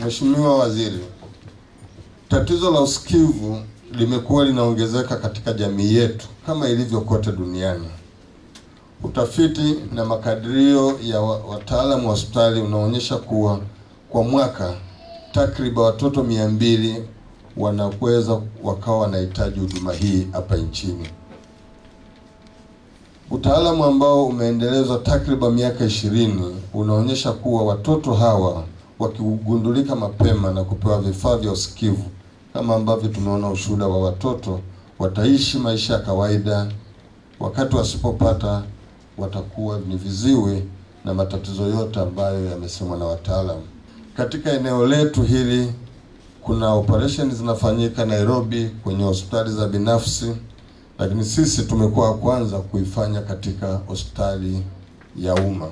Mheshimiwa Waziri, tatizo la usikivu limekuwa linaongezeka katika jamii yetu kama ilivyo kote duniani. Utafiti na makadirio ya wataalamu wa hospitali unaonyesha kuwa kwa mwaka takriban watoto mia mbili wanaweza wakawa wanahitaji huduma hii hapa nchini. Utaalamu ambao umeendelezwa takriban miaka ishirini unaonyesha kuwa watoto hawa wakigundulika mapema na kupewa vifaa vya usikivu, kama ambavyo tumeona ushuhuda wa watoto, wataishi maisha ya kawaida. Wakati wasipopata, watakuwa ni viziwi na matatizo yote ambayo yamesemwa na wataalamu. Katika eneo letu hili kuna operesheni zinafanyika Nairobi kwenye hospitali za binafsi, lakini sisi tumekuwa wa kwanza kuifanya katika hospitali ya umma.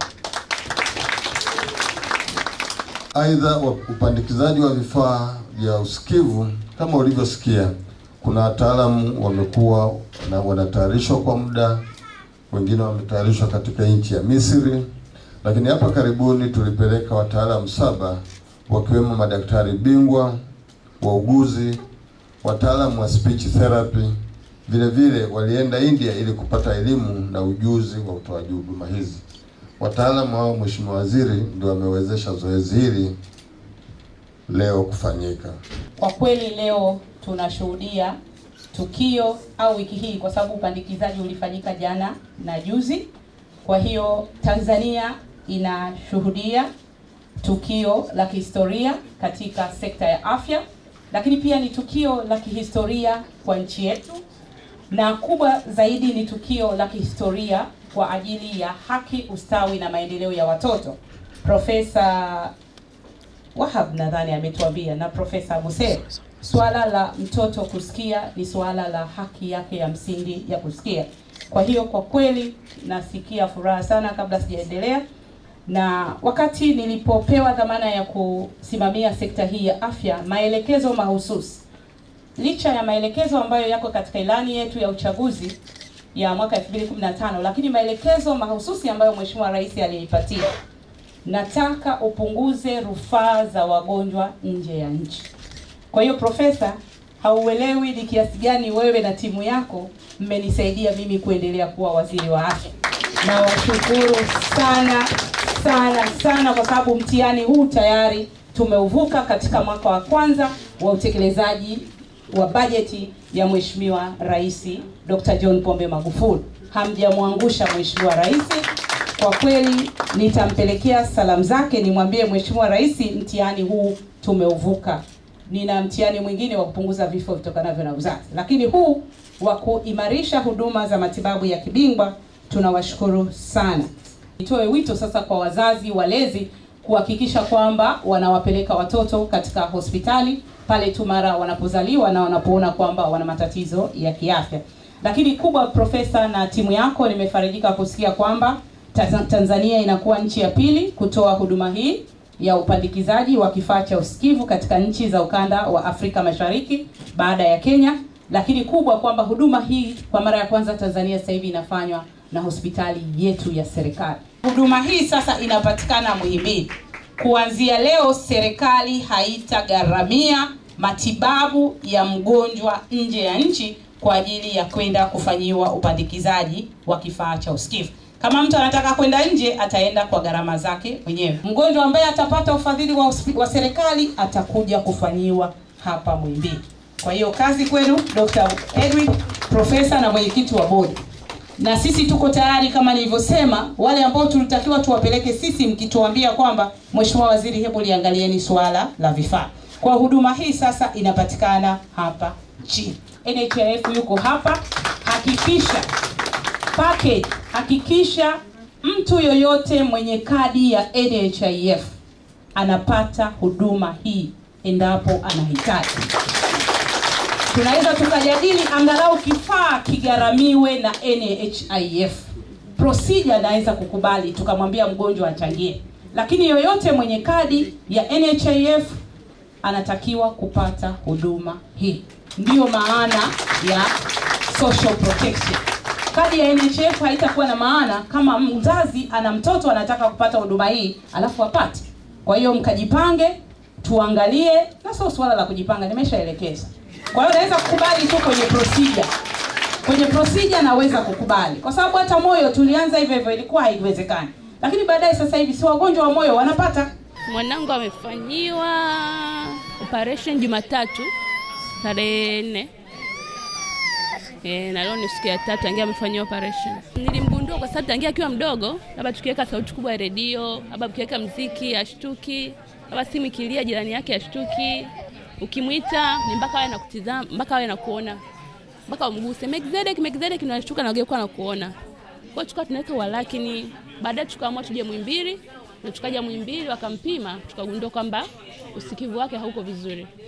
Aidha, upandikizaji wa vifaa vya usikivu kama ulivyosikia, kuna wataalamu wamekuwa na wanatayarishwa kwa muda, wengine wametayarishwa katika nchi ya Misri, lakini hapa karibuni tulipeleka wataalamu saba wakiwemo madaktari bingwa, wauguzi, wataalamu wa speech therapy. Vile vile walienda India ili kupata elimu na ujuzi wa utoaji huduma hizi. Wataalamu hao, Mheshimiwa Waziri, ndio wamewezesha zoezi hili leo kufanyika. Kwa kweli leo tunashuhudia tukio au wiki hii, kwa sababu upandikizaji ulifanyika jana na juzi. Kwa hiyo Tanzania inashuhudia tukio la kihistoria katika sekta ya afya, lakini pia ni tukio la kihistoria kwa nchi yetu, na kubwa zaidi ni tukio la kihistoria kwa ajili ya haki, ustawi na maendeleo ya watoto. Profesa Wahab nadhani ametuambia na Profesa Musee, suala la mtoto kusikia ni suala la haki yake ya msingi ya kusikia. Kwa hiyo kwa kweli nasikia furaha sana kabla sijaendelea na wakati nilipopewa dhamana ya kusimamia sekta hii ya afya, maelekezo mahususi, licha ya maelekezo ambayo yako katika ilani yetu ya uchaguzi, ya mwaka 2015, lakini maelekezo mahususi ambayo Mheshimiwa Rais alinipatia, nataka upunguze rufaa za wagonjwa nje ya nchi. Kwa hiyo Profesa, hauelewi ni kiasi gani wewe na timu yako mmenisaidia mimi kuendelea kuwa waziri wa afya. Nawashukuru sana sana sana kwa sababu mtihani huu tayari tumeuvuka katika mwaka wa kwanza wa utekelezaji wa bajeti ya Mheshimiwa Rais Dr. John Pombe Magufuli. Hamjamwangusha Mheshimiwa Rais, kwa kweli nitampelekea salamu zake, nimwambie Mheshimiwa Rais, mtihani huu tumeuvuka. Nina mtihani mwingine wa kupunguza vifo vitokanavyo na uzazi, lakini huu wa kuimarisha huduma za matibabu ya kibingwa tunawashukuru sana. Nitoe wito sasa kwa wazazi walezi kuhakikisha kwamba wanawapeleka watoto katika hospitali pale tu mara wanapozaliwa na wanapoona kwamba wana matatizo ya kiafya. Lakini kubwa, profesa na timu yako, nimefarijika kusikia kwamba Tanzania inakuwa nchi ya pili kutoa huduma hii ya upandikizaji wa kifaa cha usikivu katika nchi za ukanda wa Afrika Mashariki baada ya Kenya, lakini kubwa kwamba huduma hii kwa mara ya kwanza Tanzania sasa hivi inafanywa na hospitali yetu ya serikali. Huduma hii sasa inapatikana Muhimbili. Kuanzia leo serikali haitagharamia matibabu ya mgonjwa nje ya nchi kwa ajili ya kwenda kufanyiwa upandikizaji wa kifaa cha usikivu. Kama mtu anataka kwenda nje, ataenda kwa gharama zake mwenyewe. Mgonjwa ambaye atapata ufadhili wa, wa serikali atakuja kufanyiwa hapa Muhimbili. Kwa hiyo kazi kwenu, Dr. Edwin, profesa na mwenyekiti wa bodi na sisi tuko tayari kama nilivyosema, wale ambao tulitakiwa tuwapeleke sisi, mkituambia kwamba Mheshimiwa Waziri, hebu liangalieni suala la vifaa kwa huduma hii sasa inapatikana hapa chini NHIF yuko hapa, hakikisha package, hakikisha mtu yoyote mwenye kadi ya NHIF anapata huduma hii endapo anahitaji. Tunaweza tukajadili angalau kifaa kigharamiwe na NHIF, procedure anaweza kukubali, tukamwambia mgonjwa achangie, lakini yoyote mwenye kadi ya NHIF anatakiwa kupata huduma hii. Ndiyo maana ya social protection. Kadi ya NHF haitakuwa na maana kama mzazi ana mtoto anataka kupata huduma hii alafu apate. Kwa hiyo mkajipange, tuangalie, na sio swala la kujipanga, nimeshaelekeza. Kwa hiyo naweza kukubali tu kwenye procedure kwenye procedure naweza kukubali, kwa sababu hata moyo tulianza hivyo hivyo, ilikuwa haiwezekani, lakini baadaye sasa hivi si wagonjwa wa moyo wanapata. Mwanangu amefanyiwa operation Jumatatu tarehe nne e, na leo ni siku ya tatu angia amefanyia operation. Nilimgundua kwa sababu tangia akiwa mdogo, labda tukiweka sauti kubwa ya redio, labda tukiweka mziki ashtuki, labda simu ikilia jirani yake ashtuki, ukimwita ni mpaka awe nakutizama, mpaka awe nakuona, mpaka umguse Melkizedek, Melkizedek, nashtuka na kuona kwa tukawa tunaweka walakini, baadaye tukaamua tuje Muhimbili na tukaja Muhimbili wakampima, tukagundua kwamba usikivu wake hauko vizuri.